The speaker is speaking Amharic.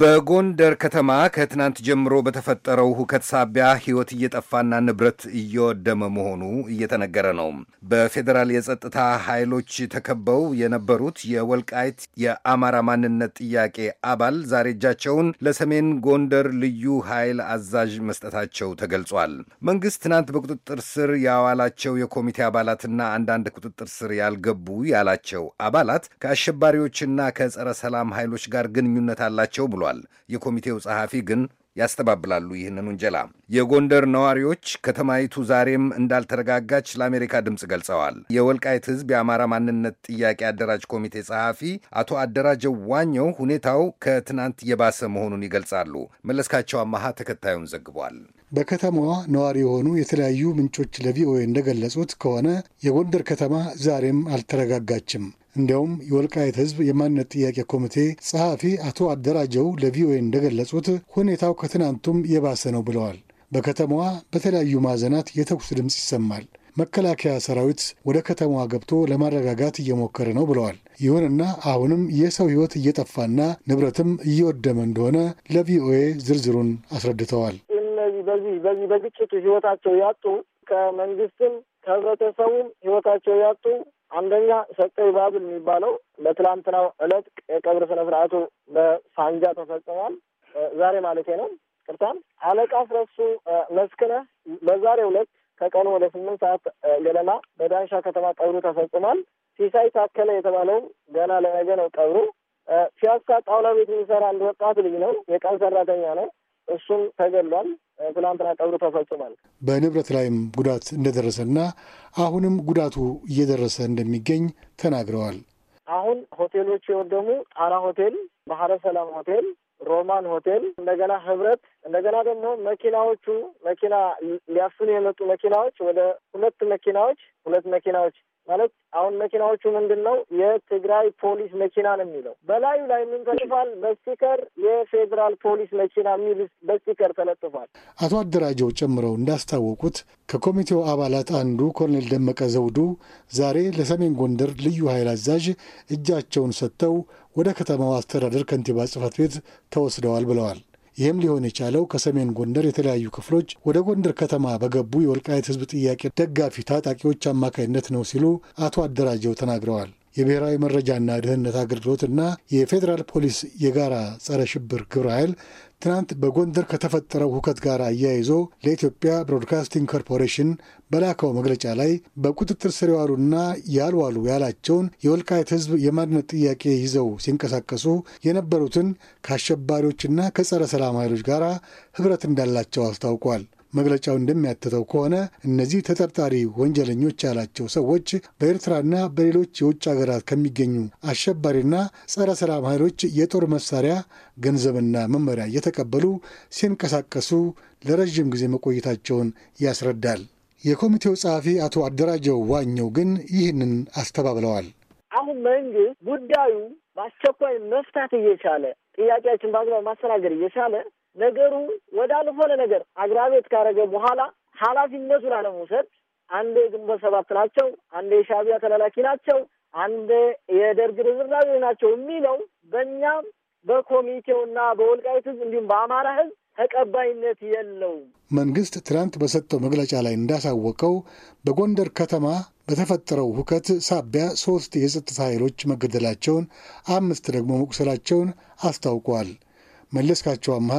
በጎንደር ከተማ ከትናንት ጀምሮ በተፈጠረው ሁከት ሳቢያ ሕይወት እየጠፋና ንብረት እየወደመ መሆኑ እየተነገረ ነው። በፌዴራል የጸጥታ ኃይሎች ተከበው የነበሩት የወልቃይት የአማራ ማንነት ጥያቄ አባል ዛሬ እጃቸውን ለሰሜን ጎንደር ልዩ ኃይል አዛዥ መስጠታቸው ተገልጿል። መንግሥት ትናንት በቁጥጥር ስር ያዋላቸው የኮሚቴ አባላትና አንዳንድ ቁጥጥር ስር ያልገቡ ያላቸው አባላት ከአሸባሪዎችና ከጸረ ሰላም ኃይሎች ጋር ግንኙነት አላቸው ብሏል። ብሏል። የኮሚቴው ጸሐፊ ግን ያስተባብላሉ ይህንን ውንጀላ። የጎንደር ነዋሪዎች ከተማይቱ ዛሬም እንዳልተረጋጋች ለአሜሪካ ድምፅ ገልጸዋል። የወልቃይት ሕዝብ የአማራ ማንነት ጥያቄ አደራጅ ኮሚቴ ጸሐፊ አቶ አደራጀው ዋኘው ሁኔታው ከትናንት የባሰ መሆኑን ይገልጻሉ። መለስካቸው አማሃ ተከታዩን ዘግቧል። በከተማዋ ነዋሪ የሆኑ የተለያዩ ምንጮች ለቪኦኤ እንደገለጹት ከሆነ የጎንደር ከተማ ዛሬም አልተረጋጋችም። እንዲያውም የወልቃየት ሕዝብ የማንነት ጥያቄ ኮሚቴ ጸሐፊ አቶ አደራጀው ለቪኦኤ እንደገለጹት ሁኔታው ከትናንቱም የባሰ ነው ብለዋል። በከተማዋ በተለያዩ ማዕዘናት የተኩስ ድምፅ ይሰማል። መከላከያ ሰራዊት ወደ ከተማዋ ገብቶ ለማረጋጋት እየሞከረ ነው ብለዋል። ይሁንና አሁንም የሰው ሕይወት እየጠፋና ንብረትም እየወደመ እንደሆነ ለቪኦኤ ዝርዝሩን አስረድተዋል። በዚህ በዚህ በግጭቱ ህይወታቸው ያጡ ከመንግስትም ከህብረተሰቡም ህይወታቸው ያጡ አንደኛ ሰጠይ ባብል የሚባለው በትላንትናው እለት የቀብር ስነ ስርዓቱ በሳንጃ ተፈጽሟል። ዛሬ ማለቴ ነው፣ ቅርታም አለቃ ፍረሱ መስክነህ በዛሬ ዕለት ከቀኑ ወደ ስምንት ሰዓት ገደማ በዳንሻ ከተማ ቀብሩ ተፈጽሟል። ሲሳይ ታከለ የተባለው ገና ለነገ ነው ቀብሩ። ፒያሳ ጣውላ ቤት የሚሰራ አንድ ወጣት ልጅ ነው፣ የቀን ሰራተኛ ነው። እሱም ተገሏል። ትናንትና ቀብሩ ተፈጽሟል። በንብረት ላይም ጉዳት እንደደረሰና አሁንም ጉዳቱ እየደረሰ እንደሚገኝ ተናግረዋል። አሁን ሆቴሎቹ የወደሙ ጣራ ሆቴል፣ ባህረ ሰላም ሆቴል፣ ሮማን ሆቴል፣ እንደገና ህብረት፣ እንደገና ደግሞ መኪናዎቹ መኪና ሊያፍኑ የመጡ መኪናዎች ወደ ሁለት መኪናዎች ሁለት መኪናዎች ማለት አሁን መኪናዎቹ ምንድን ነው የትግራይ ፖሊስ መኪና ነው የሚለው በላዩ ላይ ምን ተጽፏል? በስቲከር የፌዴራል ፖሊስ መኪና የሚል በስቲከር ተለጥፏል። አቶ አደራጀው ጨምረው እንዳስታወቁት ከኮሚቴው አባላት አንዱ ኮሎኔል ደመቀ ዘውዱ ዛሬ ለሰሜን ጎንደር ልዩ ኃይል አዛዥ እጃቸውን ሰጥተው ወደ ከተማው አስተዳደር ከንቲባ ጽፈት ቤት ተወስደዋል ብለዋል። ይህም ሊሆን የቻለው ከሰሜን ጎንደር የተለያዩ ክፍሎች ወደ ጎንደር ከተማ በገቡ የወልቃየት ህዝብ ጥያቄ ደጋፊ ታጣቂዎች አማካኝነት ነው ሲሉ አቶ አደራጀው ተናግረዋል። የብሔራዊ መረጃና ደህንነት አገልግሎትና የፌዴራል ፖሊስ የጋራ ጸረ ሽብር ግብረ ኃይል ትናንት በጎንደር ከተፈጠረው ሁከት ጋር አያይዞ ለኢትዮጵያ ብሮድካስቲንግ ኮርፖሬሽን በላከው መግለጫ ላይ በቁጥጥር ስር የዋሉና ያልዋሉ ያላቸውን የወልቃይት ሕዝብ የማንነት ጥያቄ ይዘው ሲንቀሳቀሱ የነበሩትን ከአሸባሪዎችና ከጸረ ሰላም ኃይሎች ጋር ኅብረት እንዳላቸው አስታውቋል። መግለጫው እንደሚያትተው ከሆነ እነዚህ ተጠርጣሪ ወንጀለኞች ያላቸው ሰዎች በኤርትራና በሌሎች የውጭ ሀገራት ከሚገኙ አሸባሪና ጸረ ሰላም ኃይሎች የጦር መሳሪያ ገንዘብና መመሪያ እየተቀበሉ ሲንቀሳቀሱ ለረዥም ጊዜ መቆየታቸውን ያስረዳል። የኮሚቴው ጸሐፊ አቶ አደራጀው ዋኘው ግን ይህንን አስተባብለዋል። አሁን መንግስት ጉዳዩ በአስቸኳይ መፍታት እየቻለ ጥያቄያችን በአግባብ ማስተናገድ እየቻለ ነገሩ ወዳልሆነ ነገር አግራቤት ካረገ በኋላ ኃላፊነቱን ላለመውሰድ አንዴ የግንቦት ሰባት ናቸው፣ አንዴ የሻቢያ ተላላኪ ናቸው፣ አንዴ የደርግ ርዝራዊ ናቸው የሚለው በእኛም በኮሚቴውና በወልቃይት ህዝብ እንዲሁም በአማራ ህዝብ ተቀባይነት የለውም። መንግስት ትናንት በሰጠው መግለጫ ላይ እንዳሳወቀው በጎንደር ከተማ በተፈጠረው ሁከት ሳቢያ ሶስት የጸጥታ ኃይሎች መገደላቸውን፣ አምስት ደግሞ መቁሰላቸውን አስታውቋል። መለስካቸው አምሃ